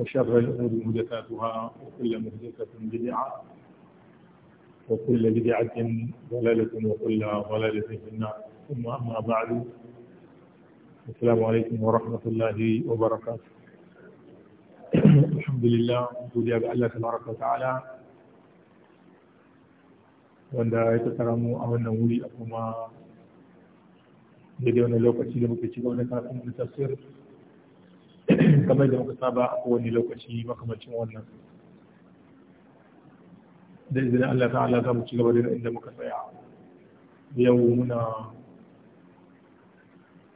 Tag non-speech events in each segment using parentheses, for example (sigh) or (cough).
وشر الأمور مهدثاتها وكل مهدثة بدعة وكل بدعة ضلالة وكل ضلالة في النار ثم أما بعد السلام عليكم ورحمة الله وبركاته الحمد لله نقول يا لله تبارك وتعالى wanda ya tattara mu a wannan wuri a kuma daidai wani lokaci da (clears throat) kamar da muka saba a kowane lokaci makamacin wannan da izinin Allah ta'ala za mu ci gaba da inda muka tsaya yau muna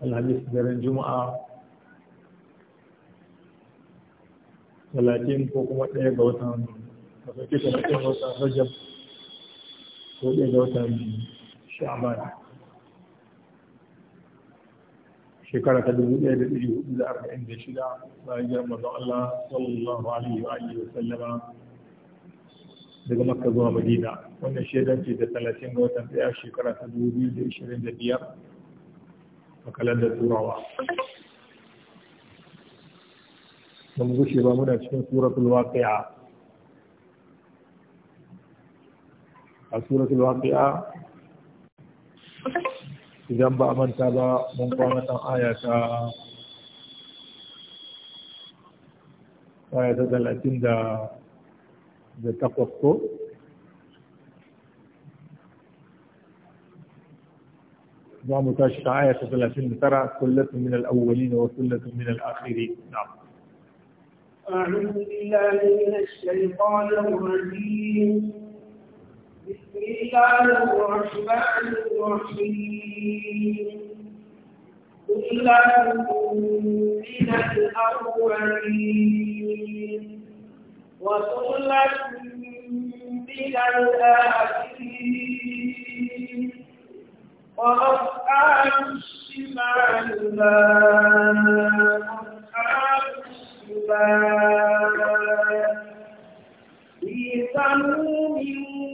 alhamis daren juma'a talatin ko kuma ɗaya ga watan kasance talatin watan rajab ko ɗaya ga watan sha'aban شكرا تبدو إلي أربع عندي شدا بأي الله صلى الله عليه وآله وسلم دقا مكة دوها مدينة وانا شيدا في دا ثلاثين غوتن في أشي كرا تبدو إلي دا إشارين دا سورة الواقعة سورة الواقعة idan ba a manta ba mun kwana kan aya ta aya ta talatin da da takwas ko za mu tashi ta aya ta talatin da tara kullatun min al'awwali da wasu kullatun min al'akhiri na أعوذ بالله من الشيطان الرجيم الله الرحمن الرحيم قل من الأولين وثلة من الآخرين وأصحاب الشمال ما أصحاب الشمال في سموم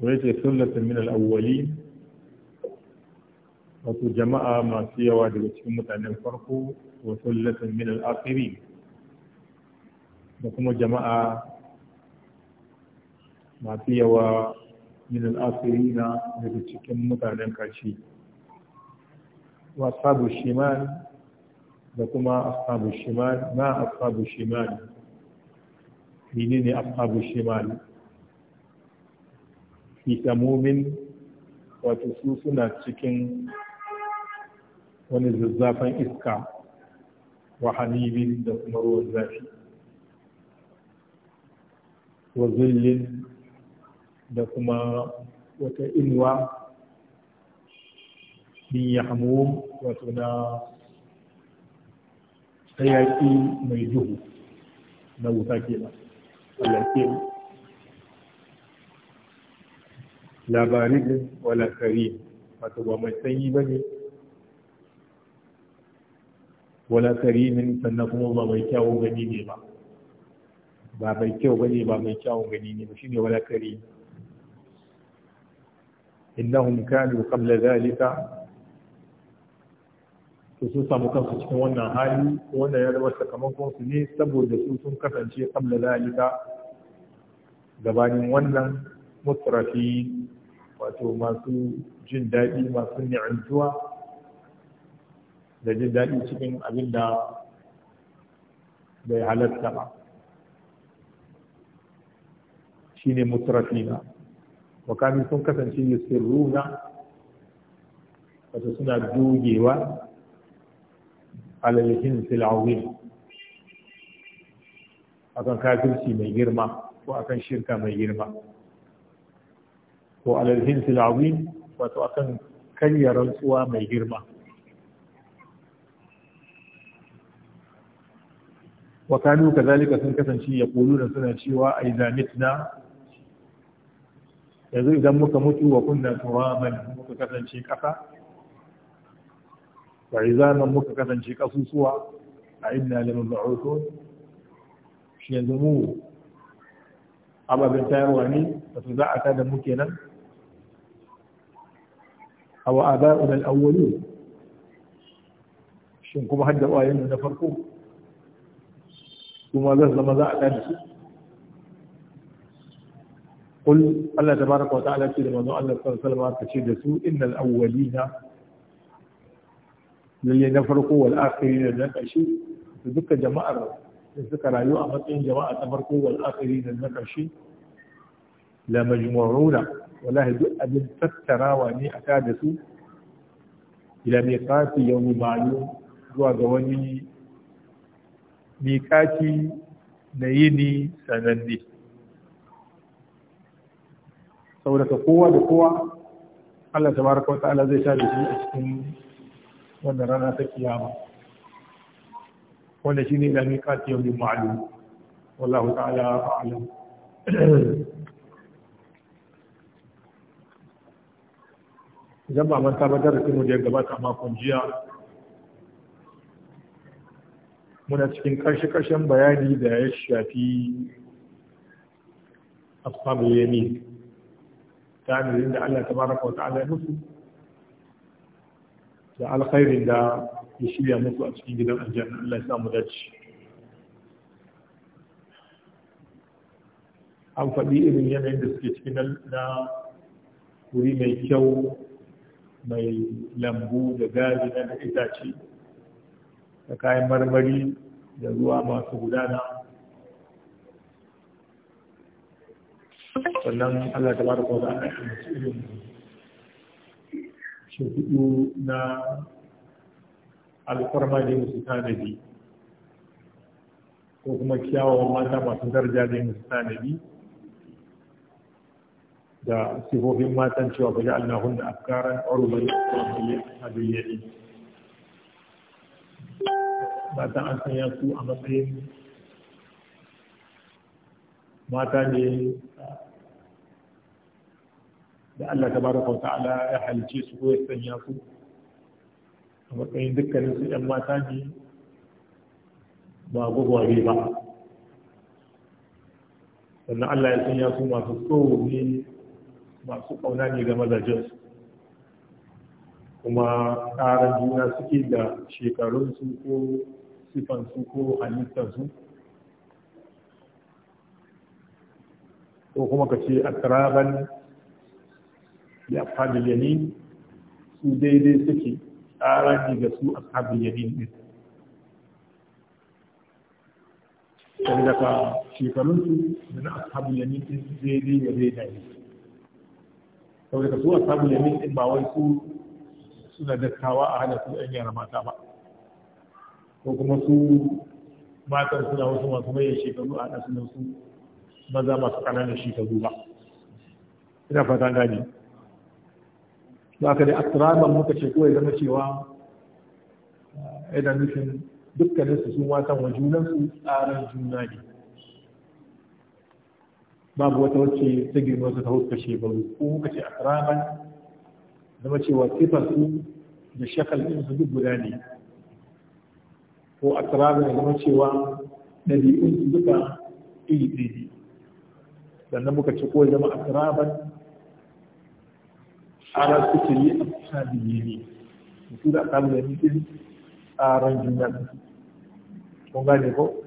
to yace sunnatun min al wato jama'a masu yawa daga cikin mutanen farko wa sunnatun min al da kuma jama'a masu yawa min al-akhirina daga cikin mutanen kashi wa ashabu shimal da kuma ashabu shimal ma ashabu shimal menene ashabu shimal fi wato su suna cikin wani zazzafan iska wa hanibin da kuma ruwan zafi wa zullin da kuma wata inuwa min ya hamu wato na hayaki mai duhu na wuta kenan Allah ke labarin wala kari wato ba mai sanyi ba ne wala min sannan kuma ba mai kyawun gani ne ba ba mai kyau ba ne ba mai kyawun gani ne ba shi ne wala kari innahum ku kamla zalika to sun samu kansu cikin wannan hali wannan ya zama sakamakon su ne saboda su sun kasance kamla zalika gabanin wannan mutrafi wato masu jin daɗi masu ni'antuwa da jin daɗi cikin abin da bai halatta ba shi ne mutrafina wakami sun kasance yusirruna wato suna dogewa alalihin filawin akan kafirci mai girma ko akan shirka mai girma ko alal hilfil azim wato akan kanyar rantsuwa mai girma wa kanu kazalika sun kasance ya da suna cewa ai na. yanzu idan muka mutu wa kunna turaban muka kasance kasa wa izaman muka kasance kasusuwa a inna lamun ba'uthun shi yanzu mu ababen tayarwa ne wato za a tada mu kenan هو آباؤنا الأولين شنكم هدى آيانا نفركم وما لذل مذاع تنسى قل الله تبارك وتعالى في لما نؤلف صلى الله عليه وسلم تشيد سوء إن الأولين للي نفرقوا والآخرين النقشي ذكر جماعة ذكر أيوة أمتين جماعة تفرقوا والآخرين النقشي لا مجموعون wallahi duk abin tattarawa ne a ta da su ila miqati yawmi ma'lum zuwa ga wani miqati na yini sananne saboda ka kowa da kowa Allah ta tabaraka wa ala zai sha da shi a cikin wannan rana ta kiyama wanda shine ila miqati yawmi ma'lum wallahu ta'ala a'lam (clears throat) idan ba manta ba da mu da ya gabata makon jiya muna cikin karshe-karshen bayani da ya shafi ya ne ta hanyar da Allah ta baraka wa ta'ala ya musu da alkhairin da ya shirya musu a cikin gidan aljanna Allah ya sa mu dace an faɗi irin yanayin da suke cikin na wuri mai kyau mai lambu da gari da itace da kayan marmari da ruwa masu gudana sannan Allah ta baraka wa ta'ala irin na alfarma da musu tanadi ko kuma kyawawan mata masu daraja da musu tanadi da sifofin matan cewa ba ja'alna hunna afkaran urban adiyyi ba ta an sanya su a matsayin mata ne da Allah ta baraka wa ta'ala ya halice su ko ya sanya su a matsayin dukkanin su ‘yan mata ne ba gwagware ba sannan Allah ya sanya su masu tsoro ne masu kauna ne ga mazajensu kuma ƙarar juna suke da shekarunsu ko sifansu ko halittarsu ko kuma ka ce a taraban ya fadil yamin su daidai suke ƙara ne ga su a fadil yamin ɗin sai daga shekarunsu da na ashabul yamin ɗin daidai zai daidai saboda su a samu yamin in ba wai su suna dattawa a hana su ɗan yara mata ba ko kuma su matan suna wasu masu mayan shekaru a hana suna su maza masu ƙananan shekaru ba ina fata gani ba ka da asiraman muka ce kawai zama cewa eh, yana nufin dukkaninsu su matan wa junansu tsarin juna ne babu wata wacce ta girma su ta huska shekaru ko kuka ce akraman zama cewa sifar su da shakal din su duk guda ne ko a akraman zama cewa ɗabi'un su duka iri ɗiri sannan muka ce ko zama akraman su suke yi a kusa yi ne mutu da akraman da nufin aran jinyar kun gane ko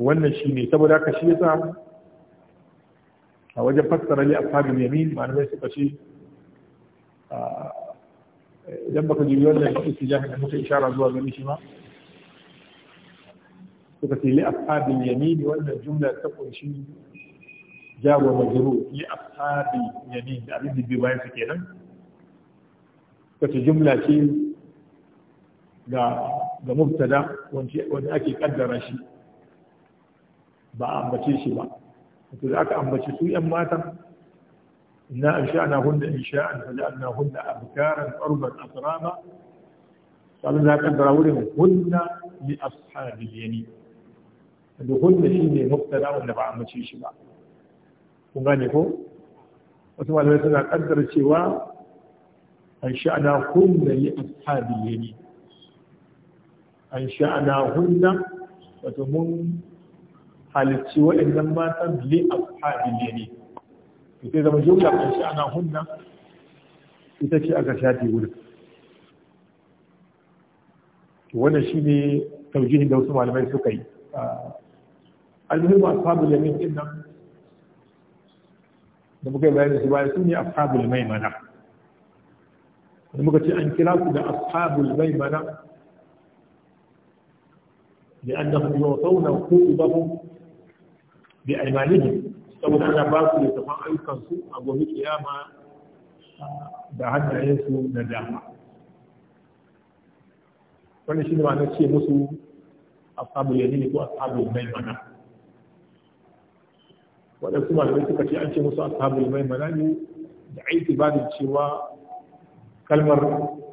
wannan shi ne saboda haka shi yasa a wajen fassara li ashabul yamin malamai suka ce idan baka ji wannan istijahi da muka ishara zuwa gani shi ma suka ce li ashabul yamin wannan jumla ta kunshi jago majru li ashabul yamin da abin da bai bayan su kenan suka ce jumla ce ga ga mubtada wanda ake kaddara shi ba a ambace shi ba Wato da aka ambace su yan matan inna ansha'na hunna insha'an faj'alna hunna abkaran urban asrama sabin da kan dara wurin hunna li ashabil yamin da hunna shine mubtada wanda ba a ambace shi ba kun gane ko wasu malamai suna kaddara cewa an sha'ana hunna li ashabil yamin an sha'ana hunda wato mun halicci waɗannan matan li ashabin yamin sai zama jumla a shi ana hunna ita ce aka shafe wurin wannan shi ne taujihin da wasu malamai suka yi a ashabul yamin min nan da muka yi bayan su bayan su ne mai mana. da muka ce an kira su da ashabul maimana لأنهم يعطون قوبهم bi aimanihim saboda ana ba su littafan ayyukansu a gobe kiyama da hannayensu da dama wannan shi ne ma na ce musu ashabul yamin ko ashabul maimana waɗansu da suka ce an ce musu mai maimana ne da aiki ba da cewa kalmar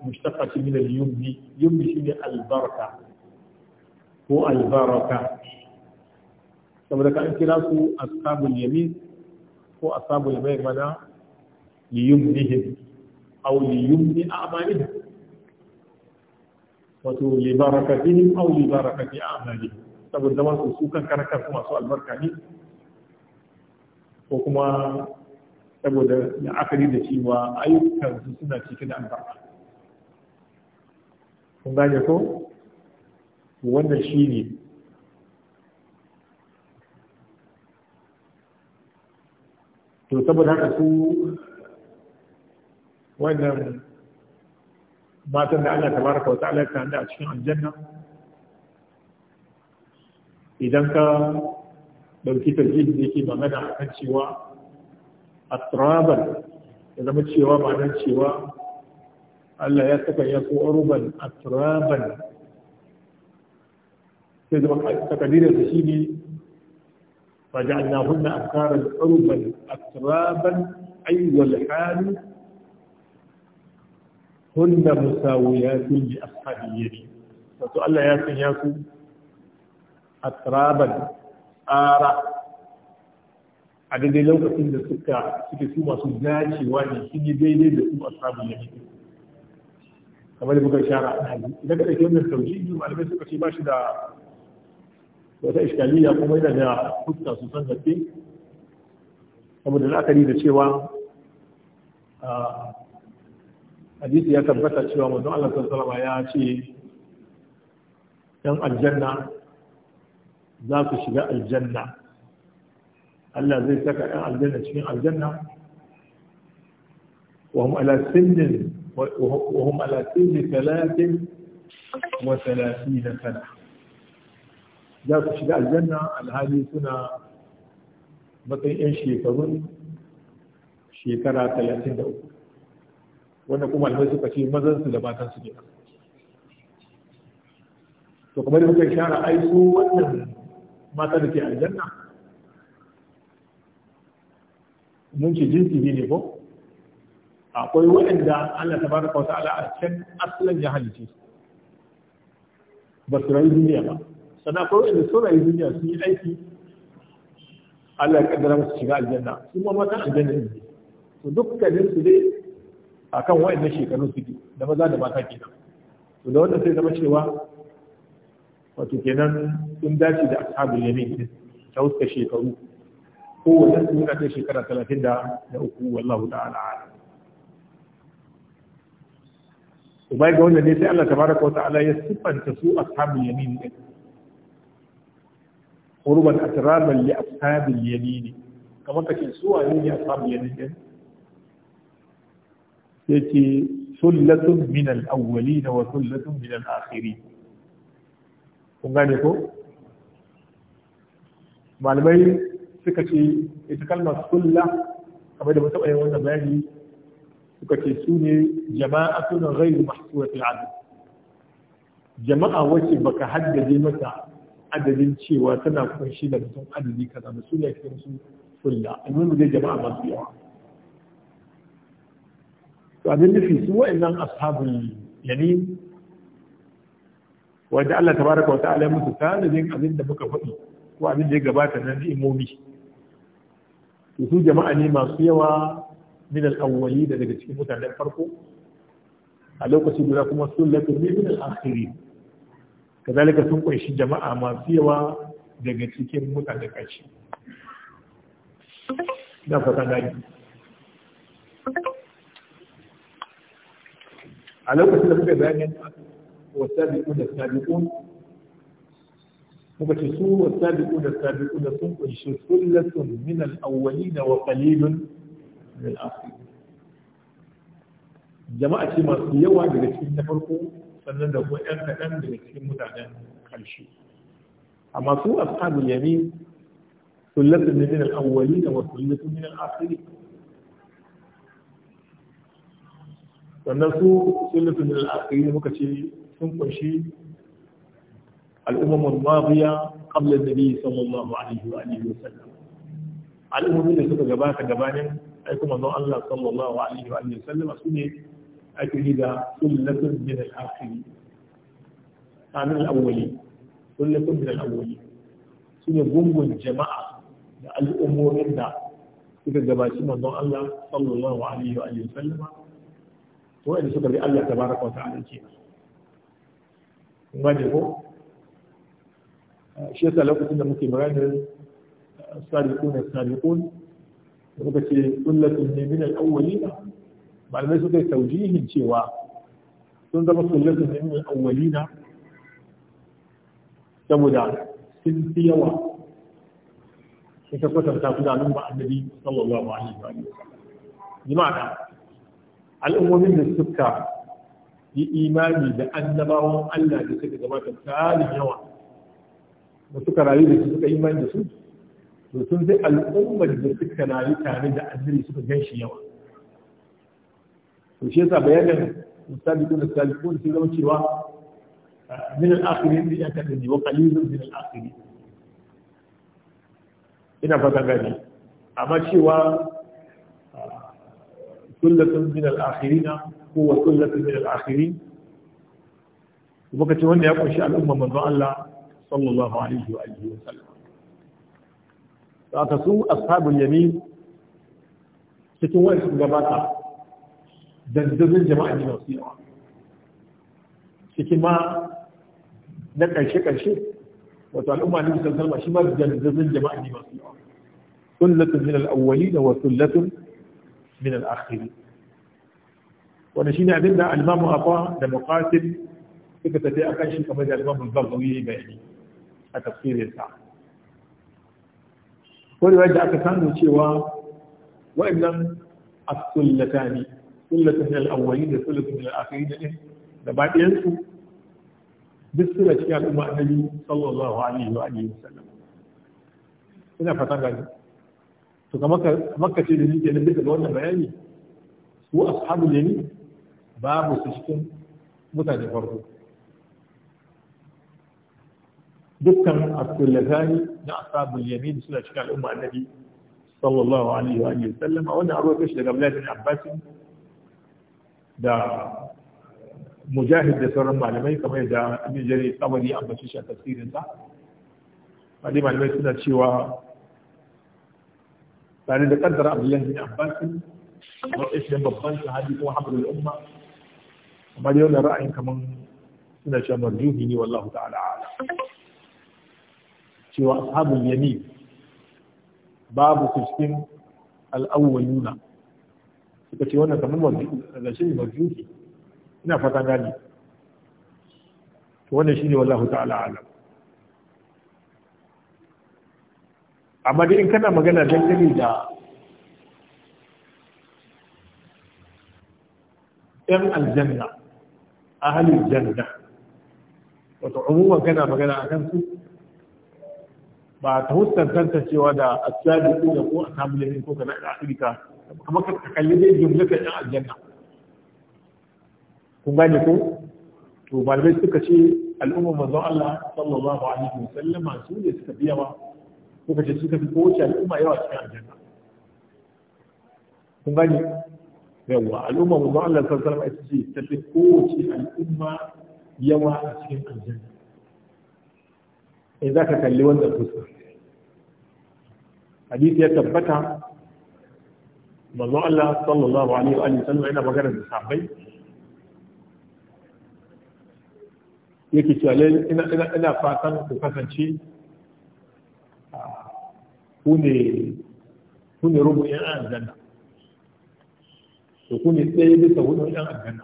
mushtaqati min al-yumni yumni shine albarka ko al-baraka saboda ka an kira su ashabul yamin ko ashabul maymana li yumnihim aw li yumni a'malihim wato li barakatihim aw li barakati a'malihim saboda zaman su su kan karakar kuma su albarka ne ko kuma saboda da akari da cewa ayyukan su suna cike da albarka kun gane ko wannan shine to saboda haka su wannan matan da Allah tabaraka wa ta'ala ta da a cikin aljanna idan ka dauki tarjihi da yake magana akan cewa atraban ya zama cewa ma'anar cewa Allah ya saka ya ko urban atraban sai zama takadirin shi ne فجعلناهن أبكارا عربا أترابا أي والحال هن مساويات لأصحاب اليمين فتقول الله أترابا a daidai lokacin da suka suke su masu dacewa ne sun yi daidai da su ashabul yamin kamar da muka shara a hali idan ka dauki wannan tauhidi suka ce ba da wata iskaliya kuma yana da fuska su san gaske saboda la'akari da cewa hadisi ya tabbata cewa manzon Allah sallallahu ya ce dan aljanna za su shiga aljanna Allah zai saka ɗan aljanna cikin aljanna وهم على سن وهم على سن ثلاث وثلاثين sana. za su shiga aljanna alhali suna matsayin 'yan shekarun shekara talatin da uku wanda kuma alhali suka ce mazansu da matansu ne to kamar da muka shara ai su wannan mata da ke aljanna mun ce jinsi ne ko akwai waɗanda Allah ta baraka wa ta'ala a can asalin jahalice ba su rayu duniya ba sannan akwai wanda saurayi duniya sun yi aiki Allah ya kaddara musu shiga aljanna sun ma mata aljanna ne to dukkanin su dai akan wayannan shekaru suke da maza da mata kenan to da wannan sai zama cewa wato kenan sun dace da ashabul yamin din ta wuska shekaru ko wannan sun yana kai shekara 33 wallahu ta'ala alam to bai ga wannan ne sai Allah tabaraka wa ta'ala ya siffanta su ashabul yamin din urban atraban li ashabil yamin kamar ka kace su waye ne ashabul yamin yace sullatun min al-awwalin wa sullatun min al-akhirin kun gane ko malamai suka ce ita kalmar sulla kamar da mutum yin wannan bayani suka ce su ne jama'atun ghairu mahsuratul adad jama'a wacce baka haddade mata adadin cewa tana kunshi da mutum adadi kaza da su ne kan su fulla annabi dai jama'a masu yawa to abin nufi su wa'annan ashabul yamin wanda Allah ta baraka wa ta'ala musu tanadin abin da muka faɗi ko abin da ya gabata na ni'imomi to su jama'a ne masu yawa min al-awwali da daga cikin mutanen farko a lokacin guda kuma sun sullatu min al-akhirin kazalika sun kunshi jama'a masu yawa daga cikin mutane kashi na fata gani a lokacin da muka bayanin wasabiqun da sabiku kuma ce su wasabiqun da sabiku da sun kunshi sullatun min al na wa qalilun min al jama'a ce masu yawa daga cikin na farko sannan da kuma ɗan kaɗan daga cikin mutanen ƙarshe amma su a ashabul yamin sullatun min al-awwalin wa sullatun min al-akhirin sannan su sullatun min al-akhirin muka ce sun kunshi al'ummar mabiya qabla an-nabi sallallahu alaihi wa alihi wa sallam al'ummomin da suka gabata gabanin aiko manzon Allah sallallahu alaihi wa alihi wa sallam su ne أجلد قلة من الآخرين من الأولين قلة من الأولين سنة gungun jama'a da al'ummomin da suka gabaci manzon Allah sallallahu alaihi wa sallama to wanda suka bi Allah tabaraka wa ta'ala ke kuma ne ko shi yasa lokacin da muke maganar sabiqun sabiqun da muka ce malamai suka yi taujihin cewa sun zama sunnatun da yin na saboda sun fi yawa sai ka kwatanta su da nan ba annabi sallallahu alaihi wa jama'a al'ummomin da suka yi imani da annabawan Allah da suka gabata tarin yawa da suka rayu da su suka imani da su to sun zai al'ummar da suka rayu tare da annabi suka gan shi yawa to shi yasa bayanin sabiqun sabiqun sai zama cewa ah, min al-akhirin bi an kadani wa qalilun min al-akhirin ina fata gani amma cewa ah, kullatun min al-akhirina ko wa kullatun min al-akhirin lokacin wanda ya kunshi al'umma manzon Allah sallallahu alaihi wa alihi wa sallam ta su ashabul yamin cikin wani gabata dandazon jama'a ne masu yawa ciki ma na ƙarshe-ƙarshe wato al'umma ne musan salma shi ma dandazon jama'a ne masu yawa sullatun min al'awwali da wa sullatun min al'akhiri wanda shine abin da almamu afa da muqatil suka tafi akan shi kamar da almamu baghawi bayani a tafsirin sa ko da aka samu cewa wa'annan as-sullatani sullata min al-awwalin da sullata min al-akhirin din da ba ɗayan su duk suna cikin al'umma annabi sallallahu alaihi wa alihi wasallam ina fatan gani to kamar makka ce da ni kenan duka da wannan bayani su ashabul yamin babu su cikin mutane farko dukkan abdullatani na ashabul yamin suna cikin al'umma annabi sallallahu alaihi wa alihi wasallam a wannan abu kashi daga Abdullah bin Abbas da mujahid da sauran malamai kamar da abin jari tsawari an bace shi a tafsirinsa wani malamai suna cewa tare da kaddara abdullahi bin abbas matsayin babban sahabi kuma habrul umma amma yau ra'ayin kamar suna cewa marjuhi ne wallahu ta'ala ala cewa ashabul yamin babu cikin al'awwaluna suka ce wannan kamar rashin majuki ina fata gani wannan shi ne wallahu ta'ala alam amma dai in kana magana dangane da yan aljanna halin janna wata umuwa kana magana a kan su ba ta hustar tantancewa da asali ko da ko a samu lahin ko kana da afirka kamar ka kalli dai ka yan aljanna kun gane ko to malamai suka ce al'ummar manzon Allah sallallahu alaihi wa sallama su ne suka fi yawa suka ce suka fi kowace al'umma yawa cikin aljanna kun gane yawa al'ummar manzon Allah sallallahu alaihi wa sallama ita ce ta fi kowace al'umma yawa a cikin aljanna in za ka kalli wanda fuska hadisi ya tabbata manzo Allah sallallahu alaihi wa sallam yana magana da sahabbai yake cewa ina ina ina fatan ku kasance ku ne ku ne rubu yan aljanna to ku ne tsaye bisa hudu yan aljanna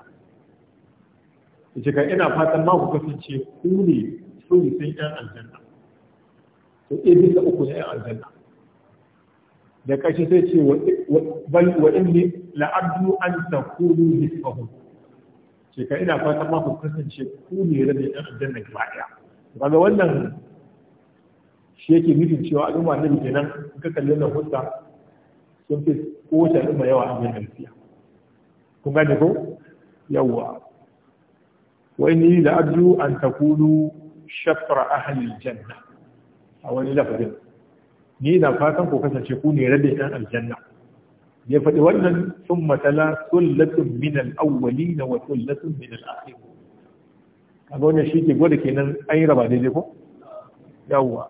yace ka ina fatan ma ku kasance ku ne sun ne sun yan aljanna to ɗaya bisa uku na ‘yan aljanna da ƙarshe sai ce wa inni la'adu an ta kuru nisfahu ce ka ina fata ma ku kasance ku ne rabi ‘yan aljanna gaba ɗaya kaga wannan shi yake nufin cewa al'umma ne kenan in ka kalli na hudda sun fi kowace al'umma yawa a mai alfiya kun gane ko yawa wa inni la'addu an ta kuru shafra ahalil janna a wani lafazin ni na fatan ku kasance ku ne rabe ɗan aljanna ya faɗi wannan sun matala sullatun min al'awwali na wa sullatun min al'akhir kaga wannan shi ke gwada kenan an yi raba daidai ko yawwa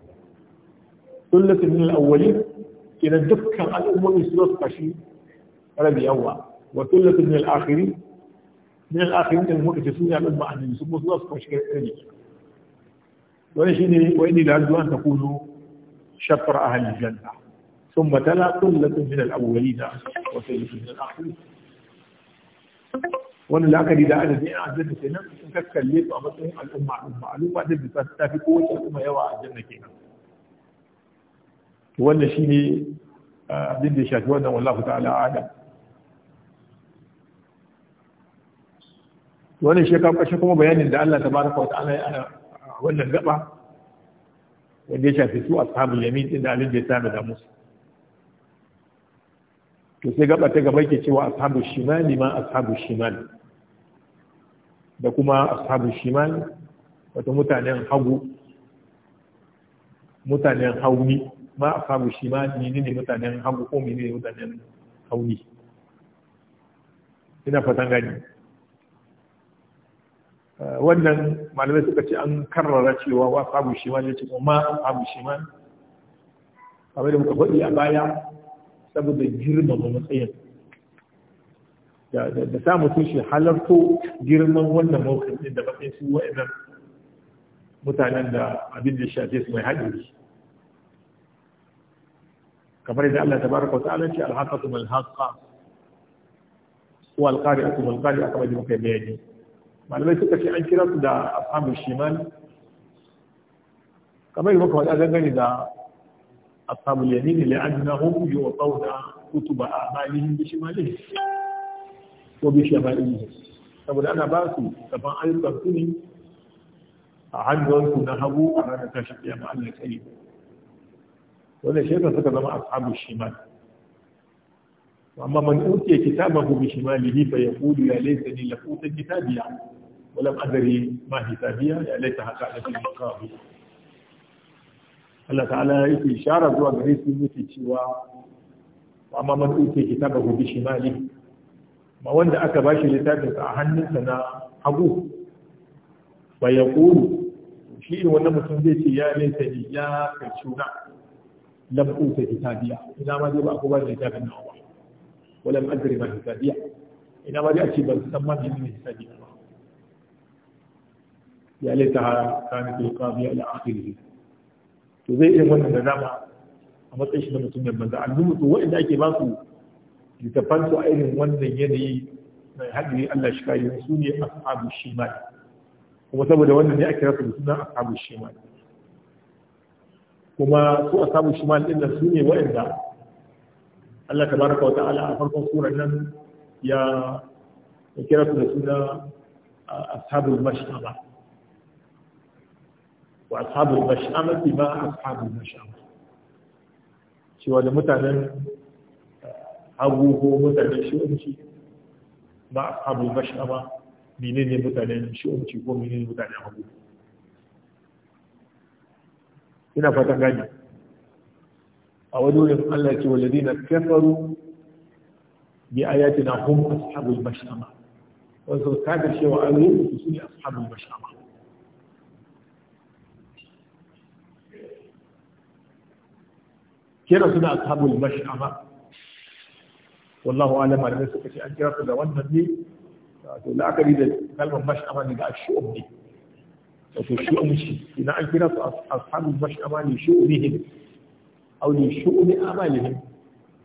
sullatun min al'awwali kenan dukkan al'ummomi su zo kashi rabi yawwa wa sullatun min al'akhiri min al'akhirin da muka ce sun yi al'umma annabi su zo su kashi rabi wani shi ne wa inni da zuwan ta kuno shafar a halin janna sun matala kun da sun minal awwali da wasu yi sun minal akwai wani la'akari da adadin yan aljanna ke nan sun kakkalle su a matsayin al'umma al'umma al'umma da bisa ta tafi kowace al'umma yawa a aljanna ke nan wannan shi ne abin da ya shafi wannan wallahu ta'ala adam wannan shekaru ƙarshe kuma bayanin da Allah ta baraka wa ta'ala ya wannan gaba wanda ya shafi su samun yamin din da alin da ya tana da musu to sai gaba ta gaba ke cewa ashabul shimali ma ashabul shimali da kuma ashabul shimali wata mutanen hagu mutanen hauni ma ashabul shimali ne ne mutanen hagu ko ne mutanen hauni ina fatan gani wannan malamai suka ce an karrara cewa wa abu shi ma ne ce ma abu shi ma A da muka faɗi a baya saboda girmama matsayin da sa mutum shi halarto girman wannan mawukin da matsayin su wa'annan mutanen da abin da shafe su mai haɗari kamar yadda Allah tabaraka wa ta'ala ce alhaqatu mal haqa wal qari'atu mal qari'a kamar da muka bayani malamai suka ce an kira su da ashabul shimal kamar yadda muka faɗa dangane da ashabul yamin li'annahum yu'tawna kutuba a'malihim bi shimalihim wa bi shimalihim saboda ana ba su gaban ayyukan su ne a su na hagu a ranar tashi ya ma'ana ya tsaye wannan shekar suka zama ashabu shimal amma man utiya kitabahu bi shimalihi fa yaqulu ya laitani lam uta kitabiya wa lam adri ma hisabiya ya laita haka da maqabi Allah ta'ala yake ishara zuwa gare su yake cewa amma man utiya kitabahu bi shimalihi ma wanda aka bashi littafin sa a hannunsa na hagu fa yaqulu shi irin wannan mutum zai ce ya laitani ya kacuna lam uta kitabiya ina ma zai ba ko ba littafin nawa ba walam adri ma hisabiya ina ma dai a ce ban san ma menene hisabiya ba ya laita kana fil qadiya ila akhirih to zai irin wannan da dama a matsayin shi na mutum yan banza annubutu wa'anda ake ba su littafan su a irin wannan yanayi mai hadiri Allah shi kare su ne ashabu shimal kuma saboda wannan ne rasa da sunan ashabu shimal kuma su ashabu shimal din nan su Allah ta tabaraka wata'ala a farkon surar nan ya kira su da suna ashabul mash'ama wa ashabul mash'ama fi ma ashabul mash'ama cewa da mutanen hagu ko mutanen shi'umci ba ashabul mash'ama menene mutanen shi'umci ko menene mutanen hagu ina fatan gani أولون القلة والذين كفروا بآياتنا هم أصحاب المشأمة وصل كافر شيء وعلم بسني أصحاب المشأمة كيرا سنة أصحاب المشأمة والله أعلم أن نفسك في أجرى في دوانا دي لا أكد إذا كلمة مشأمة نقع الشؤم دي وفي الشؤم الشيء إن أجرى أصحاب المشأمة لشؤمهم auni a amalihi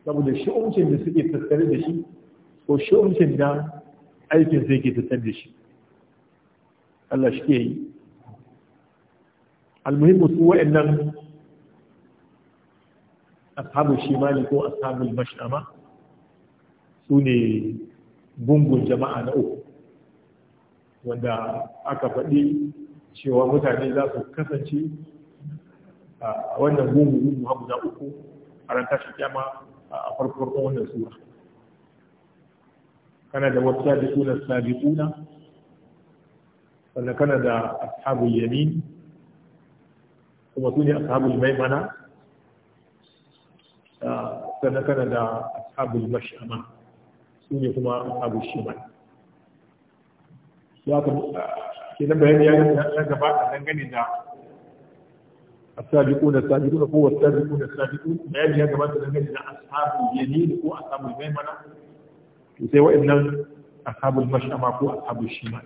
saboda shu'umcin da suke tattare da shi ko shu'umcin da aikin sai ke tattare da shi Allah shi ke yi almuhimmu su wa'annan ashabu shimali ko ashabul mash'ama su ne gungun jama'a na uku wanda aka faɗi cewa mutane za su kasance wannan gungu gungu ha guda uku a ran tashi kyama a farko farkon wannan sura kana da wasu sabi sabiquna sannan kana da ashabu yamin kuma su ne mai maimana sannan kana da ashabul mashama su ne kuma ashabul shimal ya kuma nan bayani ya na gaba a dangane da السابقون السابقون هو السابقون السابقون بيان يا جماعه na da ashabul yamin ko ashabul maimana to sai wa'annan ashabul mashama ko ashabul shimal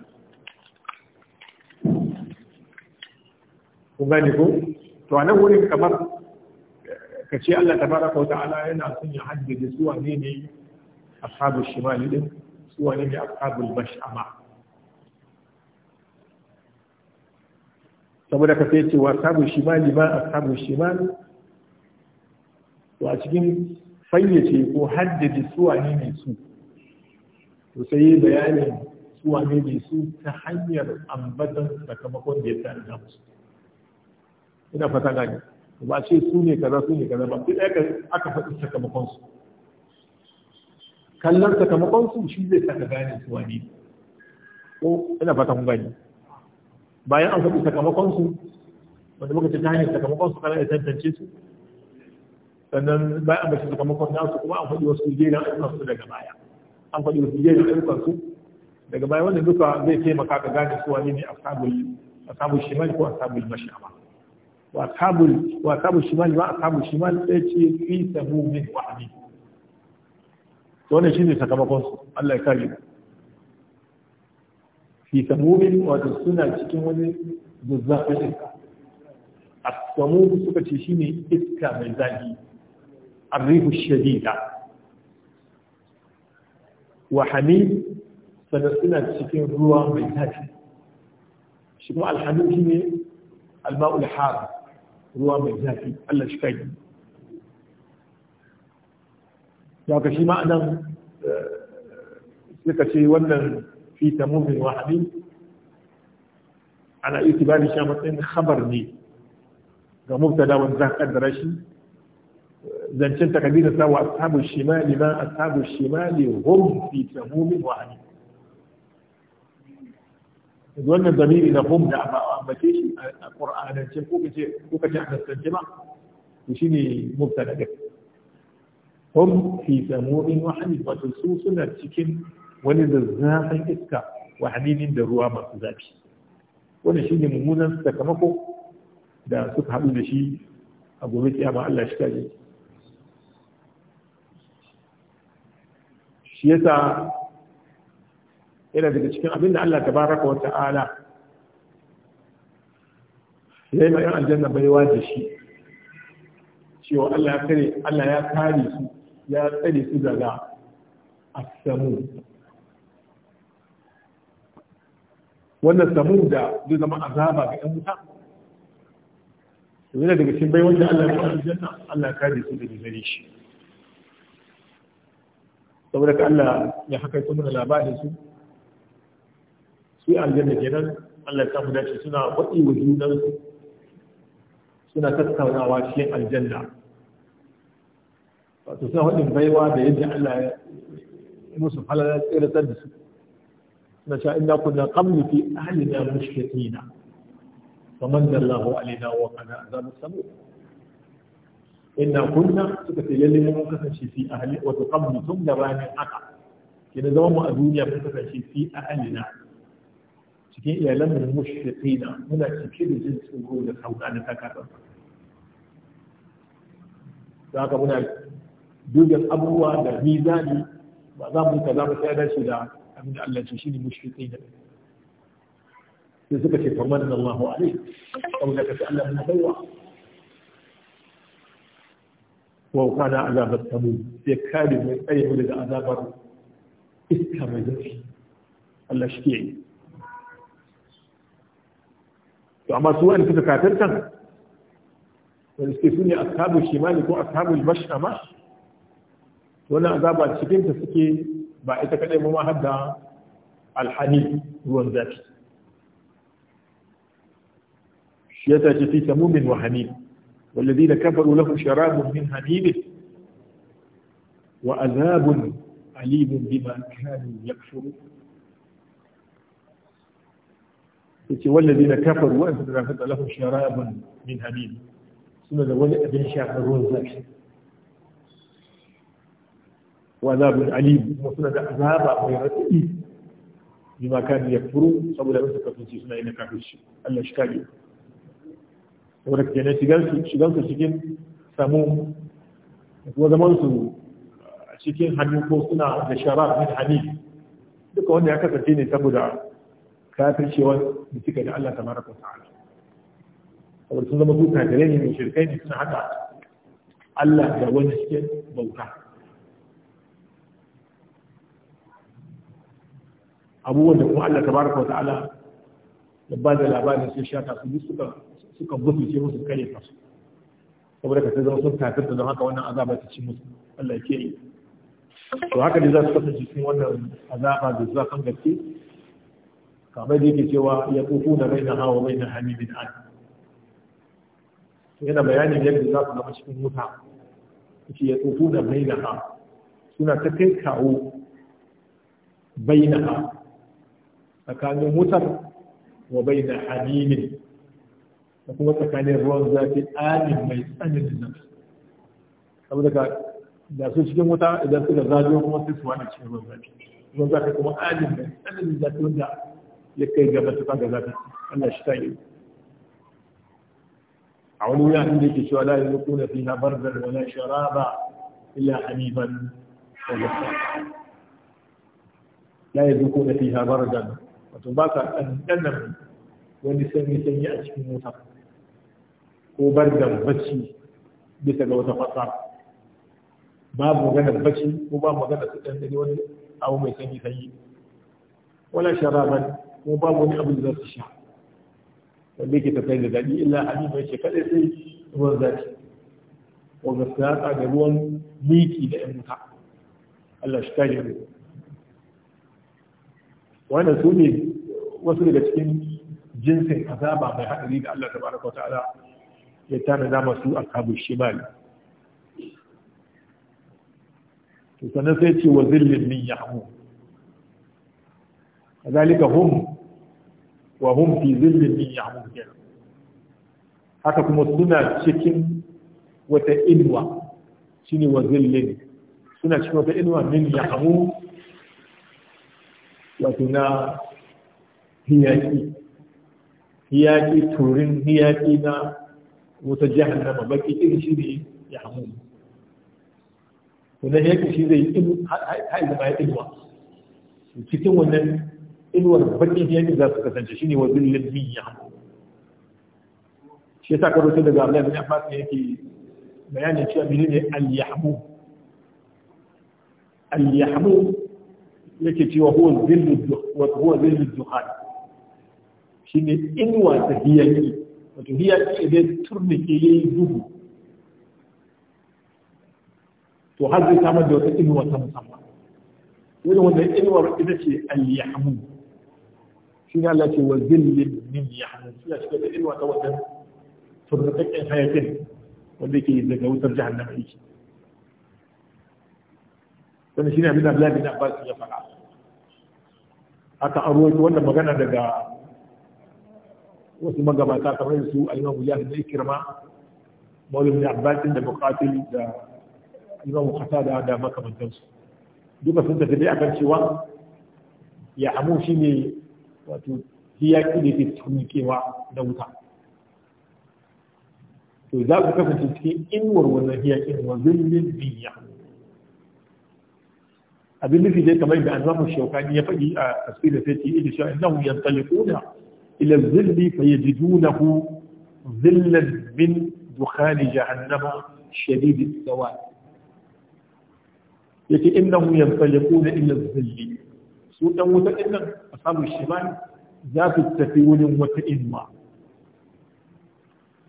kun gane ko to anan wurin kamar ka ce Allah tabaraka wa ta'ala yana son ya haddace su wane ne ashabul shimal din su ne mashama saboda ka sai cewa sabu ni ma a sabu shimali to a cikin fayyace ko haddade suwa ne mai su to sai bayanin suwa ne mai su ta hanyar ambatan sakamakon da ya sa da musu ina fata gani ba ce su ne kaza su ne kaza ba duk aka faɗi sakamakon su kallon sakamakon su shi zai saka gane suwa ne ko ina fata kun gani bayan an faɗi sakamakonsu wanda muka ce ta hanyar sakamakonsu kana ya tantance su sannan bayan an faɗi sakamakon nasu kuma an faɗi wasu jerin ayyukansu daga baya an faɗi wasu jerin ayyukansu daga baya wanda duka zai taimaka ka gane su wani ne a sabul shimal ko a sabul mashama wa sabul shimal ba sabul shimal sai ce fi sabu min wa'adi to wannan shine sakamakon su Allah ya kare mu fi samumin wato suna cikin wani zazzafin iska a samumin suka ce shi ne iska mai zafi arrihu shadida wa hamid suna cikin ruwa mai zafi shi kuma alhamid shi ne alma'ul har ruwa mai zafi allah shi kai da ka shi ma'anan eh, suka ce wannan في تموز واحد على اعتبار شامتين خبر لي مبتدا وزاق الدرشي زين شنت كبير سوى اصحاب الشمال ما اصحاب الشمال هم في تموم واحد يقولنا الضمير إذا هم دعما أمتيش القرآن الشيخ هو كجاء هذا السنجمع وشيني مبتدا هم في ثمور وحنيف وتلصوص لتكن wani da zafin iska wa hadidin da ruwa masu zafi wani shi ne mummunan sakamako da suka haɗu da shi a gobe kiyama Allah shi kare shi yasa yana daga cikin abin da Allah tabaraka wa ta'ala ya ma yan aljanna baiwa da shi cewa Allah ya kare Allah ya kare su ya tsare su daga asamu wannan samun da zai zama azaba ga ɗan wuta yana daga cikin bai wanda Allah ya kawo janna Allah ya kare su daga gare shi saboda ka Allah ya haka su mana labarin su su yi aljanna kenan Allah ya samu dace suna waɗi wa junan su suna tattaunawa cikin aljanna wato suna waɗin baiwa da yadda Allah ya musu halar tsiratar da su نشاء إنا كنا قبل في أهلنا مشفقين فمن الله علينا وقنا عذاب السموم إنا كنا يلي ممكن في أهل ثم دران حقا كنا زوم أدوني ممكن في أهلنا cikin iyalan لم المشفقين هنا cike da jin tsoro da sauka da takardar za ka muna dubin abubuwa da mizani ba abinda Allah ya ce shine mushrikai da sai suka ce faman da Allah wa alai saboda ka ce Allah ya baiwa wa kana azabat tamu sai kare mai tsaye daga azabar iska mai zafi Allah shi ke yi to amma su wa'anda suka katarta wani suke su ne ashabu shimali ko ashabul mashama amma wani azabar cikinta suke ba ita kadai mu ma hadda da ruwan zafi shi ya tace fi samumin wa hamim والذين كفروا لهم شراب من حميم وعذاب أليم بما كانوا يكفرون yace wallazina kafaru wa azabun lahum sharabun min hamim suna da wani abin sha ruwan zafi wa azabun alim kuma suna da azaba mai raɗaɗi bima kan ya furu saboda wasu su kasance suna yin kafirci Allah shi kage saboda kenan shigan shigar shigan su cikin samu kuma zaman su a cikin hannu ko suna da sharaf min hanif duka wanda ya kasance ne saboda kafircewar da suka da Allah tabaraka wa ta'ala saboda sun zama su kafirai ne mai shirkai ne suna haka Allah da wani cikin bauta abubuwan da kuma Allah baraka wa ta'ala ya ba da labarin sai shata su bi suka suka gufice musu kare su. saboda ka zama sun kafirta don haka wannan azaba ta ci musu Allah ya kiyaye to haka ne za su kasance cikin wannan azaba da zuwa kan gaske kamar da yake cewa ya kuku da bai na hawa bai na bin an yana bayanin yadda za su zama cikin wuta ce ya kuku da bai na ha suna ta kai kawo bai na ha tsakanin wutar wa bai da hamimin da kuma tsakanin ruwan zafi amin mai tsananin nan saboda ka da su cikin wuta idan suka zajo kuma sai su wani cikin ruwan zafi ruwan zafi kuma amin mai tsananin zafi wanda ya kai gaba tuka ga zafi Allah shi ta yi a wani wuya inda yake cewa la yuzquna fiha bardan wala sharaba illa hamiman wa ghassan la yuzquna fiha bardan wato ba ka ɗanɗanar wani sanyi-sanyi a cikin wuta ko bar da bacci bisa ga wata fasa babu maganar bacci ko ba maganar su ɗanɗani wani abu mai sanyi-sanyi wala sharaban ko babu wani abin da za su sha wanda yake tafai da daɗi illa abin mai ce kaɗai sai ruwan zafi wa gaskiya da ruwan miki da ‘yan wuta Allah shi kare mu wanda su ne wasu daga cikin jinsin azaba mai haɗari da Allah tabaraka ta'ala ya tana da masu ashabu shimali to sannan sai ce wa zillin min a zalika hum wa hum fi zillin min yahmu haka kuma suna cikin wata inuwa shine wa zillin suna cikin wata inuwa min yahmu wato na hiyaki hiyaki turin hiyaki na wata jahannama baki irin shi ne ya hamu wannan hiyaki shi zai ilu ha'izu zama ya iluwa cikin wannan iluwar bakin hiyaki za su kasance shi ne wa zillin min ya hamu shi ya sa karoto daga Abdullahi bin Abbas ne yake bayanin cewa menene al-yahmu al-yahmu yake cewa huwa zillu wa huwa zillu dukhan shine inuwa ta hiyaki wato hiyaki idan ke yi duhu to har zai samar da wata inuwa ta musamman wani wannan inuwar ita ce alyahmu shi ne Allah ce wa zillin min yahmu suna cikin da inuwa ta wannan turnikakken hayakin wanda ke daga wutar jahannama yake shi ne abin da Allah bin Abbas ya faɗa aka arwaito wannan magana daga wasu magabata kamar su al ya da Ikrama Maulid da Abbas da Buqatil da Imam Qatada da makamantan su duka sun tafi dai akan cewa ya amu shi ne wato hiyaki da ke tunkewa da wuta to za ku kasance cikin inuwar wannan hiyakin wa zullin biya abin nufi dai kamar da annabi shaukani ya faɗi a tafsirin sai ce yake cewa innahu yantaliquna ila dhilli fayajidunahu zillan min dukhan jahannama shadid as-sawad yake innahu yantaliquna ila dhilli su dan wuta dinnan ashabu shimal za su tafi wurin wata imma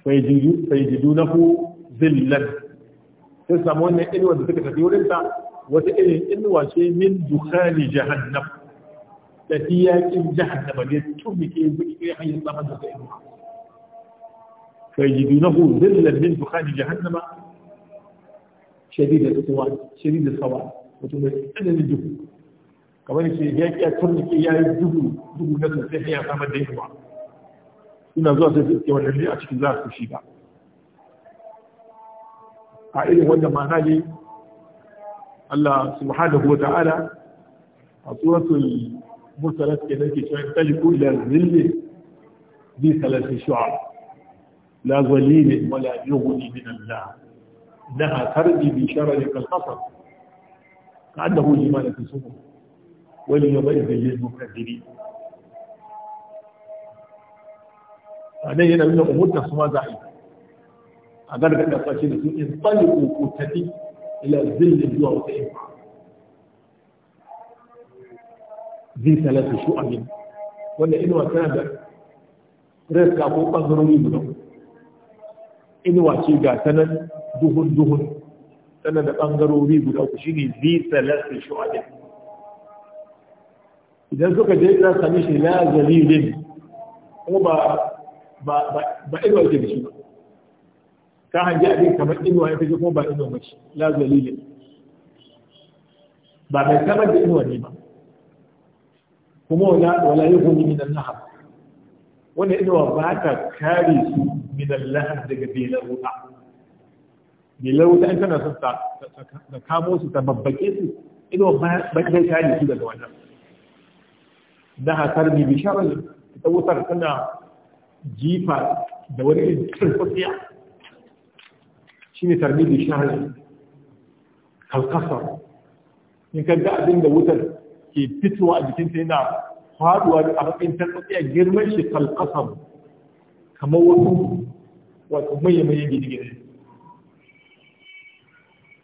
fayajidunahu zillan. sai samu wannan inuwa da suka tafi wurin ta wata irin inuwa ce min dukhali jahannam da tiyakin jahannama ne tumike buke hayyan zama da ta inuwa fayidunahu zillan min dukhali jahannama shadidul sawa shadidul sawa wato mai tsananin duhu kamar ce ya kiya tumike ya yi duhu duhu na sosai ya samar da inuwa ina zuwa sai suke wannan ne a cikin za su shiga a irin wannan ma'ana ne Allah subhanahu wa ta'ala a suratul mursalat ke nake cewa taliku ila zilli bi salati shu'a la zalil wa la yughni min Allah ha tarbi bi sharri kal qasr ka'annahu limanat sumu wa li yadhil lil A anan yana nuna umurta su ma za'i a gargaɗa fashe da su in tsali ko tafi إلى ذل الله تعالى ذي ثلاث شؤم ولا إن وتابع رزق أبو قدر منه إن وشيقا سنن دهن دهن أنا بأنظر أريد أو تشيني ذي ثلاث شعب إذا سوك جيت لا سميش لا زليل وما ما ما ما إلو أجيب شنو ta hanji abin kamar inuwa ya kuma ba inuwa mace la zalile ba mai kamar da inuwa ne ba kuma wala wala yuhuni min al-nahab wannan inuwa ba ta kare su min al-lahab daga belaruta belaruta in tana son ta kamo su ta babbake su inuwa ba ta kare su daga wannan Na hasar bi bisharar ta wutar tana jifa da wani irin tsirfafiya shine tarbiyyar shahar kalkasar in ka ga abin da wutar ke fitowa a jikin jikinta yana faduwa a matsayin tarbiyyar girman shi kalkasar kamar wasu wato manya-manyan gidigidi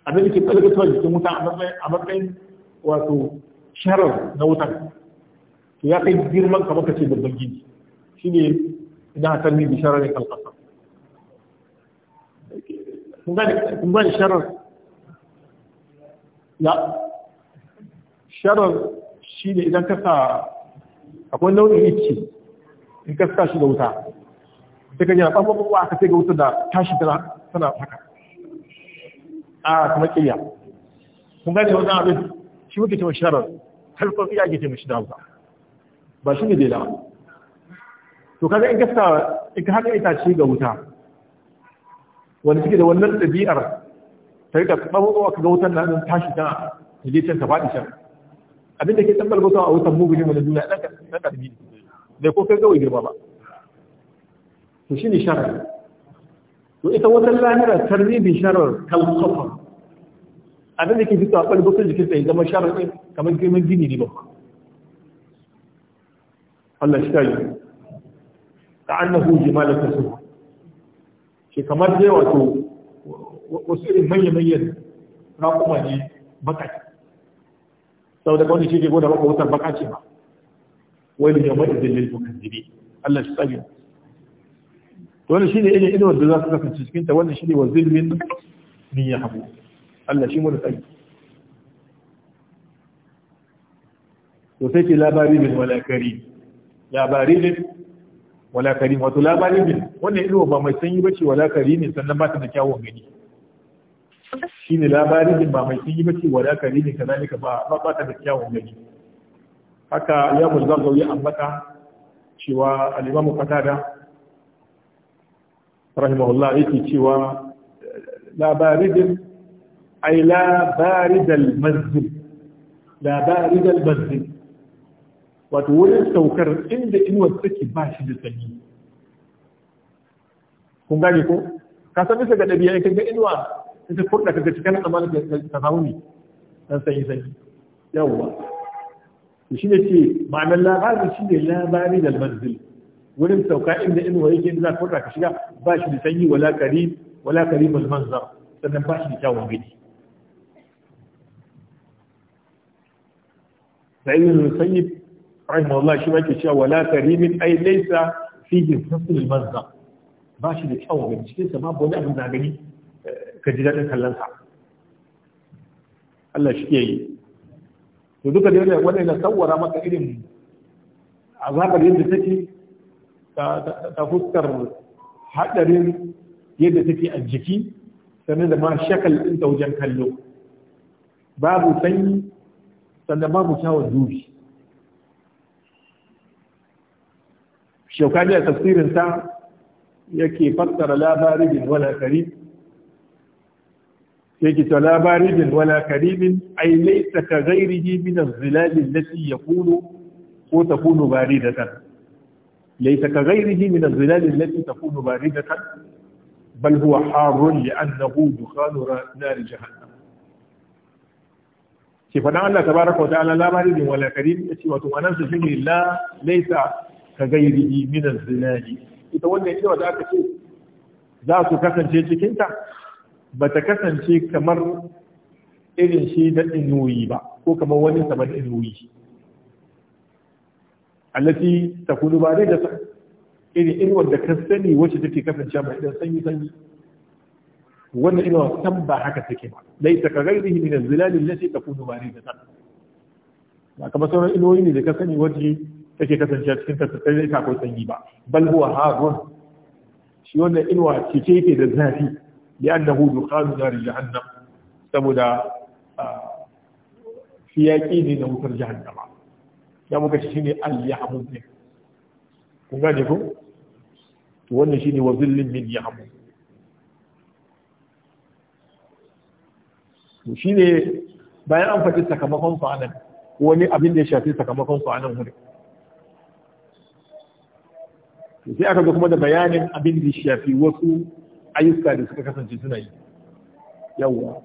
abin da ke tsalgatuwa jikin wuta a matsayin wato sharar na wutar ya kai girman kamar ka ce babban gidi shi ne ina tarbiyyar sharar kalkasar kun gane sharar ya sharar shi ne idan kasa akwai nau'in ice in kasa shi da wuta sai ka yana ɓaɓɓaɓɓa aka sai ga wuta da tashi tana haka a kuma ƙirya kun gane wannan abin shi muke cewa sharar harkar iya ake shi da wuta. ba shi ne dela to kaga in kasa in ka haka itace ga wuta wanda suke da wannan ɗabi'ar ta rika tsawo ka ga wutan nan tashi tana ta je can ta faɗi can abin da ke tsambar mutuwa a wutan mugu ne mai duniya ɗan ƙarfi da ko kai gawai girma ba to shi ne sharar to ita wata lahira tarribin sharar kalkafa abin da ke fito a ɓalbukan jikin tsaye zama sharar ɗin kamar girman gini ne ba Allah shi ta yi ta annahu jimalar ta suhu ke kamar dai wato wasu irin manya-manyan rakuma ne bakaci sau da kawai shi ke gwada maka wutar bakaci ba wai da yamma izin lil jiri. Allah shi tsabi to shi shine irin inuwar da za su kasance cikin ta ne shine wazil min ya hamu Allah shi mu da tsabi to sai ke labari min walakari labari min wala karim wato labarin bin wannan inuwa ba mai sanyi bace wala karim sannan ba ta da kyawun gani shine labarin bin ba mai sanyi bace wala karim kazalika ba ba ta da kyawun gani haka ya mulzargau ya ambata cewa al-imam qatada rahimahullah yake cewa labarin ay labaridal manzil labaridal manzil wato wurin saukar inda inuwar take ba shi da sanyi kun gane ko ka san bisa ga ɗabi'a kan ga inuwa in ta furta kaga cikin amana ta samu ne dan sanyi sanyi yawwa to shine ce ma'anar labari shine labari da manzil wurin sauka inda inuwa yake inda za ka furta ka shiga ba shi da sanyi wala karim wala karimul manzar sannan ba shi da kyawun gani sa'idun sayyid Allah shi yake cewa wala karimin ai laisa fi husnul manza ba shi da kyau ga cikin sa babu wani abin da gani eh, ka ji dadin kallon sa Allah shi yayi to duka da wannan wannan na tsawara maka irin azabar yadda take ta fuskar hadarin yadda take a jiki sannan da ma shakal ɗin ta wajen kallo babu sanyi sannan babu kyawun dubi shaukani a tafsirinsa yake fassara labarin wala karib yake ta labarin wala karibin ai laisa ka ghairihi min az-zilal allati yakunu ko takunu baridatan laisa ka ghairihi min az-zilal allati takunu baridatan bal huwa harun annahu dukhanu nar jahannam ke fadan Allah tabaraka wa ta'ala labarin wala karib yace wato anan su ne la laisa ka minan min ita wannan cewa da aka ce za su kasance cikin ta kasance kamar irin shi da inuyi ba ko kamar wani saman inuyi ta kudu ba da irin inuwar da ka sani wacce take kasance mai idan sanyi sanyi wannan inuwar san ba haka take ba dai ta kagairihi ta kudu ba allati da baridatan ba kamar sauran inuwoyi ne da ka sani wacce take kasancewa cikin ta da ta ko sanyi ba bal huwa harun shi wannan inuwa ce ce yake da zafi da annahu kanu nar jahannam saboda fiyaki ne na wutar jahannama ya muka shi ne al-yahmum ne kun gane ko to wannan shi ne wazillin min yahmum shi ne bayan an faɗi sakamakon su anan wani abin da ya shafi sakamakon su anan wurin sai aka zo kuma da bayanin abin da shafi wasu ayyuka da suka kasance suna yi yawwa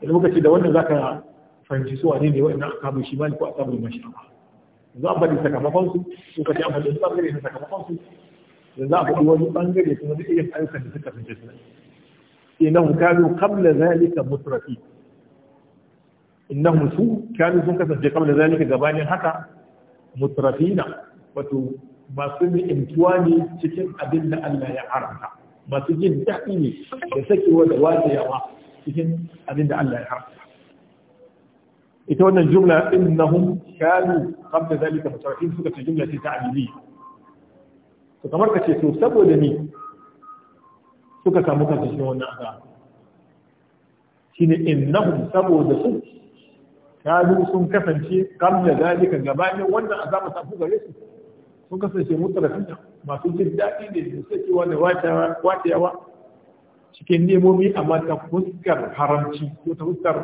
idan muka ce da wannan zaka fahimci su wane ne wa'annan akabu shi mali ko akabu mashi yanzu an faɗi sakamakon su ko kace an faɗi bangare na sakamakon su yanzu a faɗi wani bangare kuma da irin ayyukan da suka kasance suna yi innahum kanu qabla zalika musrafi innahum su kanu sun kasance qabla zalika gabanin haka mutrafina wato masu ni'imtuwa ne cikin abin da Allah ya haramta masu jin daɗi ne da sakewa da yawa cikin abin da Allah ya haramta ita wannan jumla na innahum kanu qabla zalika mutarafin suka ce jumla ce ta abili Su kamar ka ce to saboda ni suka samu kansu cikin wannan aka shine innahum saboda su kanu sun kasance qabla zalika gabanin wannan azaba ta fuga gare su sun kasance mutarafin masu jin daɗi ne da sakewa da watayawa cikin nemomi amma ta fuskar haramci ko ta fuskar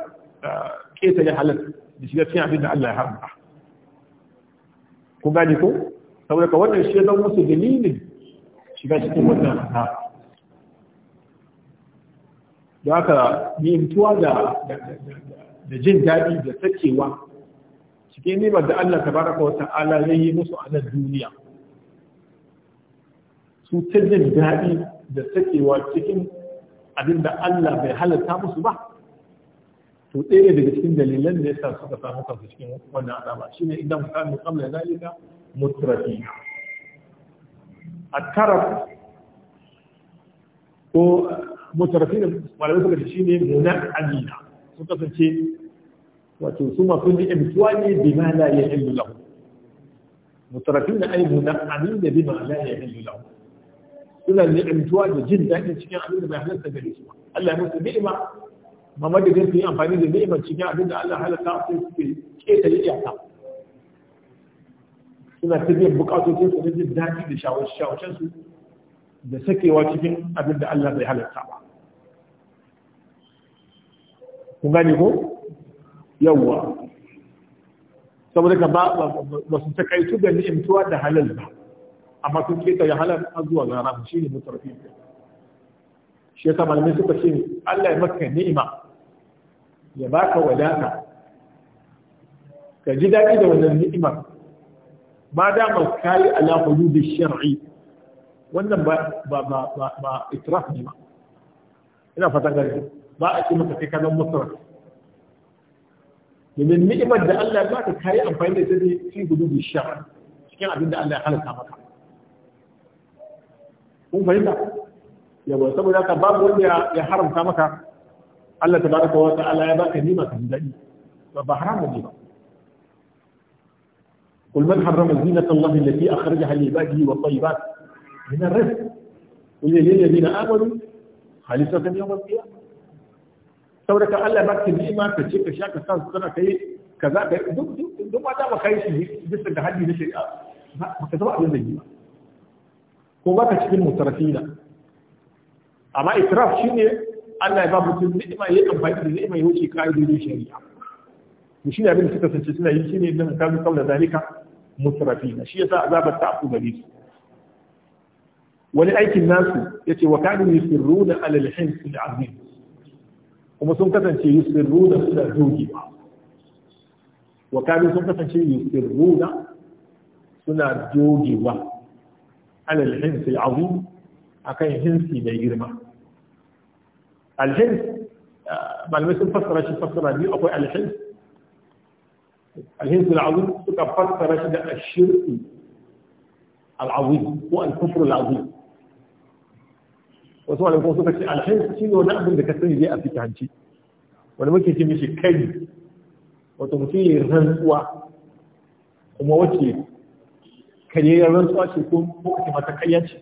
eh, ƙetare halar da shiga cikin abin da Allah ya haramta. Ku gani ko? Saboda ka wannan shi zan musu dalilin shiga cikin wannan hana. Da haka nimtuwa da jin daɗi da sakewa cikin nimar da Allah tabaraka wa ta'ala ya yi musu a nan duniya su ta jin daɗi da sakewa cikin abin da Allah bai halatta musu ba to ɗaya daga cikin dalilan da yasa suka samu kansu cikin wannan azaba shine idan ka mu kamla zalika mutrafi A tara ko mutrafi malamai suka ce shine Amina su kasance? wato su ma kun ji imtuwa ne bi ma la ya hillu lahu mutarafin da aibu na amin da bi ma la ya hillu lahu suna ne imtuwa da jin daɗin cikin abin da bai halatta gare su Allah ya musu ni'ima ma madadin su yi amfani da ni'imar cikin abin da Allah halatta sai suke ƙetare iyaka suna ta biyan bukatocin su na jin daɗi da shawarce su da sakewa cikin abin da Allah bai halatta ba kun gane ko yawwa saboda ka ba su takaitu da ni'imtuwa da halal ba amma sun keta ya halal har zuwa ga haram shine mutarfi shi yasa malamai suka ce Allah ya maka ni'ima ya baka wadata ka ji daɗi da wannan ni'imar ba da ma kai ala hududi shar'i wannan ba ba ba ba itraf ne ba ina fatan gari ba a ce maka kai ka zama mutarfi domin ni'imar da Allah ya baka kai amfani da ita ne fi gudubi shar cikin abin da Allah ya halatta maka kun fahimta yawa saboda haka babu wanda ya haramta maka Allah tabaraka wa ta'ala ya baka ni'ima ka daɗi ba ba haram ne ba قل من حرم زينة الله التي أخرجها لعباده والطيبات من الرزق قل للذين آمنوا خالصة يوم القيامة saboda ka Allah baka ni'ima ka ce ka sha ka sa sutura ka yi kaza ka duk duk wata baka yi shi bisa ga haddi na shari'a baka zama abin zagi ba ko ba baka cikin mutarafina amma israf shine Allah ya ba mutum ni'ima ya amfani da ni'ima ya wuce ka'idodin shari'a to shine abin da suka sace suna yi shine dan kazu kawla zalika mutarafina shi yasa azabar ta aku gare su wani aikin nasu yace wa kanu yusirruna alal hims al-azim kuma sun kasance yusirru da suna dogewa wa kanu sun kasance yusirru da suna joge dogewa alal hinsi azim akan hinsi mai girma alhins ah, malamai sun fassara shi fassara biyu akwai alhins alhins al'azim suka fassara shi da ashirki al'azim ko al-kufr al'azim wasu wani kuma suka ce alhaisu shi ne wani abin da ka sani zai a hanci. wani muke ce mishi kai wato mutum ya rantsuwa kuma wace ya rantsuwa ce ko kuma mata karya ce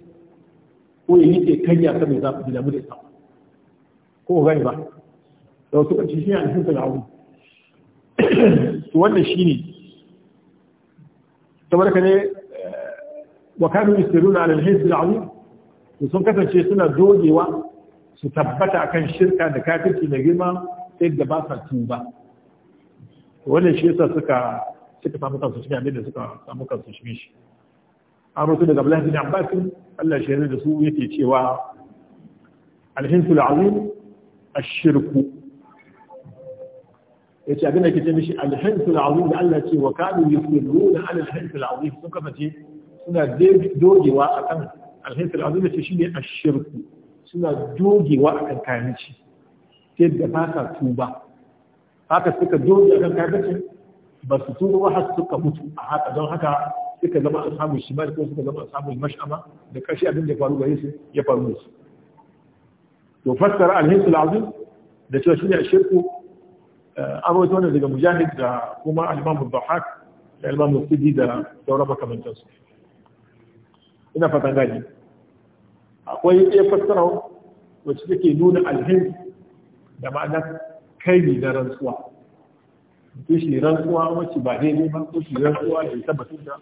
ko ya yi ce karya ta mai zafi da da ita ko gani ba da wasu ƙarshe shi ne alhaisu da abu to wannan shi ne saboda ka ne wa istiruna yusiruna ala alhaisu su sun kasance suna dogewa su tabbata akan shirka da kafirci da girma sai da ba sa tuba wanda shi yasa suka suka samu kansu cikin abin da suka samu kansu shi shi an rutu daga Abdullahi bin Abbas Allah shi da su yake cewa alhinsul azim Ya yace abin da yake ce mishi alhinsul azim da Allah ce wa kanu yusirruna ala alhinsul azim sun kafa ce suna dogewa akan alhinsar azuma ce a shirku suna dogewa a kayanci ta yadda ba sa tuba haka suka doge akan kayanci ba su tuba ba har suka mutu a haka don haka suka zama a ashabul shimal ko suka zama a samun mash'ama da kashi abin da faru gare su ya faru da su to fassara alhinsul azim da cewa a shirku eh, an rawaito wannan daga mujahid da kuma al-imam al da al-imam al-sidi da sauran makamantansu ina fatan gani akwai iya fassara wacce take nuna alhin da ma'ana kai ne na rantsuwa ko shi rantsuwa wacce ba dai ne ba ko shi rantsuwa da ya tabbatar da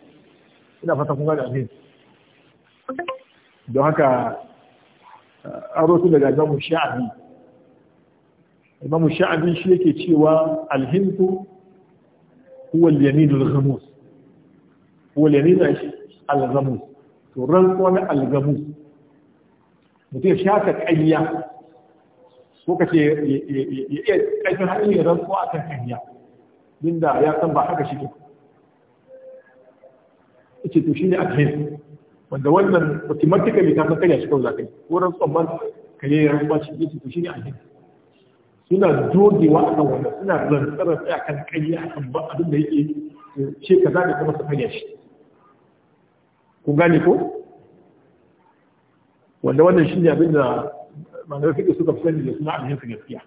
ina fatan kun gani alhin don haka eh, an rotu daga zamu sha'ani, imamu sha'ani shi yake cewa alhintu huwa al-yamin al-ghamus huwa al-yamin al-ghamus to rantsuwa na algabu mutum shaka ƙayya ko ka ce ya iya ƙarfin hannun ya rantsuwa a kan ƙayya din da ya san ba haka shi ke ce to shi ne alheri wanda wannan automatically mai san kanya shi kawai za ka yi ko rantsuwan man ka yi rantsuwa shi ce to shi ne a alheri suna jogewa a kan wannan suna rantsarar a kan ƙayya a kan abin da yake ce ka za ka kuma su kanya shi ku gane ko wanda wannan shi ne abin da manar fiƙi suka fi sani da suna abin su gaskiya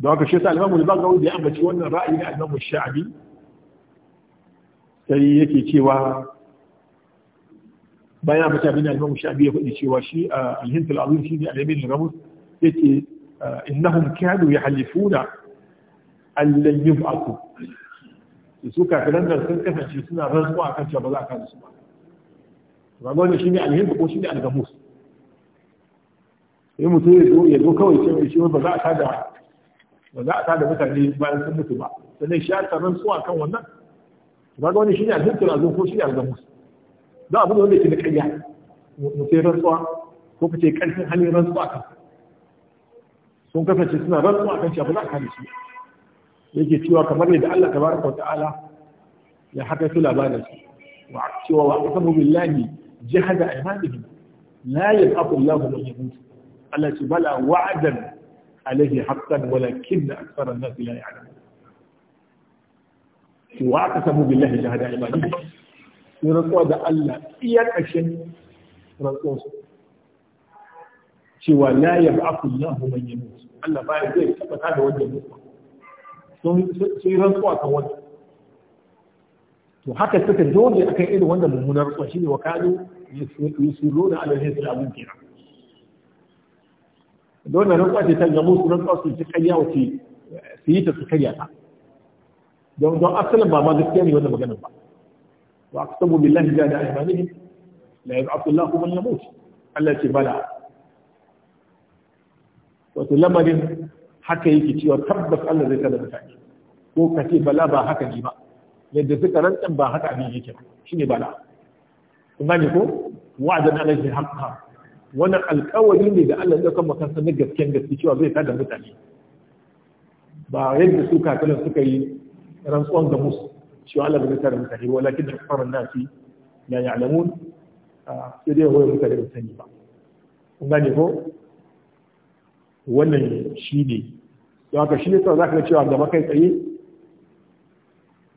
da haka shi sa alimamu zan gawo da ya ambaci wannan ra'ayi na alimamu sha'abi sai yake cewa bayan ambaci abin da alimamu sha'abi ya faɗi cewa shi alhintul azim shi ne alimin ramus yake innahum ya halifuna an lan yub'athu su kafiran nan sun kasance suna rantsuwa kan cewa ba za a kada su ba ba ne shi ne alhimmi ko ne algamus sai mutum ya zo ya zo kawai mai shiwa ba za a kada ba za a kada mutane bayan sun mutu ba sannan shi ya rantsuwa kan wannan ne ga ne shine alhimmi zo ko shi ne algamus za a bude wanda ke da ƙarya mutum rantsuwa ko kace karfin halin rantsuwa kan sun kasance suna rantsuwa kan cewa ba za a kada su ba yake cewa kamar yadda Allah tabaraka ta'ala ya haka su labarin su wa cewa wa aqsamu billahi jahada aymanihim la yaqul lahu man yamut Allah ce bala wa'adan alayhi haqqan walakin akthara an-nas la ya'lam wa aqsamu billahi jahada aymanihim sun rantsuwa da Allah iya ƙashin rantsuwarsu cewa la yaqul lahu man yamut Allah ba zai tabbata da wanda ya mutu sun yi rantsuwa kan wani to haka suka a kan irin wanda mummunar rantsuwa shine wa kanu yusiru da alaihi salamun kira don nan rantsuwa ce ta gamu su rantsuwa su ci karya wace su yi ta su karya ta don don asalin ba ma gaskiya ne wanda maganar ba wa aqsamu billahi jada aymanihim la yab'athu Allahu man yamut Allah ce bala wato lamarin haka yake cewa tabbas Allah zai kada mutane ko ka ce bala ba haka ne ba yadda suka rantsan ba haka ne yake shine bala Kuma ne ko wa'adan alaihi haqqa wannan alƙawari ne da Allah ya kan makansa na gasken gaske cewa zai kada mutane ba yadda su kakalin suka yi rantsuwan ga musu cewa Allah zai kada mutane walakin da kafaran nasi yi alamun sai dai wai mutane ba sani ba Kuma ne ko wannan shi ne don haka shi ne za ka cewa da kai tsaye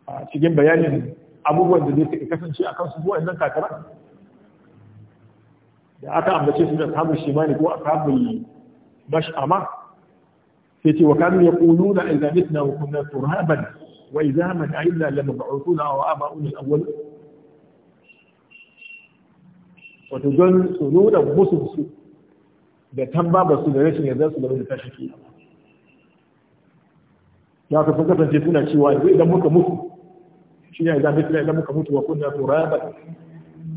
a cikin bayanin abubuwan da zai suka kasance a kansu ko nan kakara da aka ambace su da ashabul shimali ko a ashabul mash'ama sai ce wa kanu na idza mitna wa kunna turaban wa idza man na lamab'uthuna wa aba'una al-awwal wato don su nuna musu su da tamba ba su da rashin yarda su da wani tashi kiyama ya ka sun kasance suna cewa yanzu idan muka mutu shi ne idan mutu idan muka mutu wa kunna turaba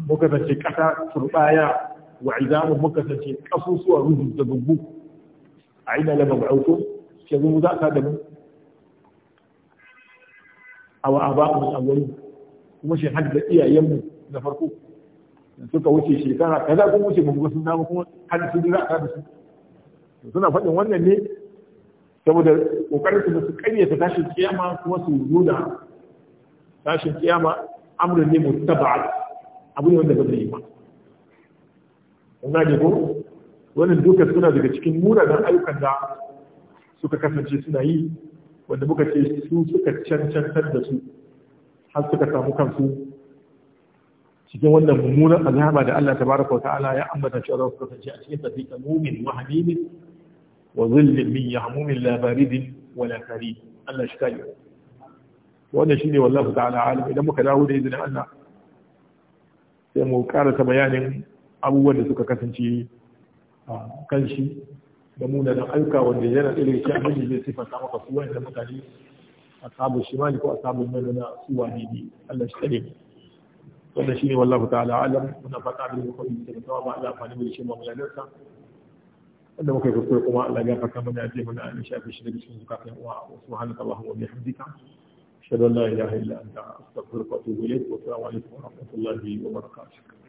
muka kasance kasa turbaya wa izamu muka kasance kasusuwa ruhu da gugu a ina la mab'utun shi yanzu za ka da mu aw aba'u awwalin kuma shi hadda iyayenmu na farko suka wuce shekara kaza kuma wuce mu ga sun dawo kuma har sun za ka da su suna faɗin wannan ne saboda kokarin su su karyata tashin kiyama kuma su nuna tashin kiyama amrin ne mutaba abu ne wanda ba zai yi ba wanda ne ko wannan duka suna daga cikin munanan ayyukan da suka kasance suna yi wanda muka ce su suka cancantar da su har suka samu kansu cikin wannan mummunan azaba da Allah tabaraka wa ta'ala ya ambata cewa za su kasance a cikin tafiya mumin wa habibi wa zullin min yahmumin la baridin wala kari Allah shi kai wannan ne wallahi ta'ala alim idan muka dawo da izinin Allah sai mu karasa bayanin abubuwan da suka kasance a kan shi da munanan aika wanda yana irin shi abin da zai sifanta maka su wa'anda mutane a sabon shimali ko a sabon manuna su wani ne Allah shi tsare mu wannan shine wallahi ta'ala alam muna fata da mu kawai da tawa ba Allah amfani mu da shi mu mulalarsa da muka kuskure kuma Allah ya gafarta mana ya mana an shafe shi daga cikin uwa wa subhanaka allahumma wa bihamdika ashhadu an la ilaha illa anta astaghfiruka wa atubu ilayk wa assalamu alaikum wa rahmatullahi wa barakatuh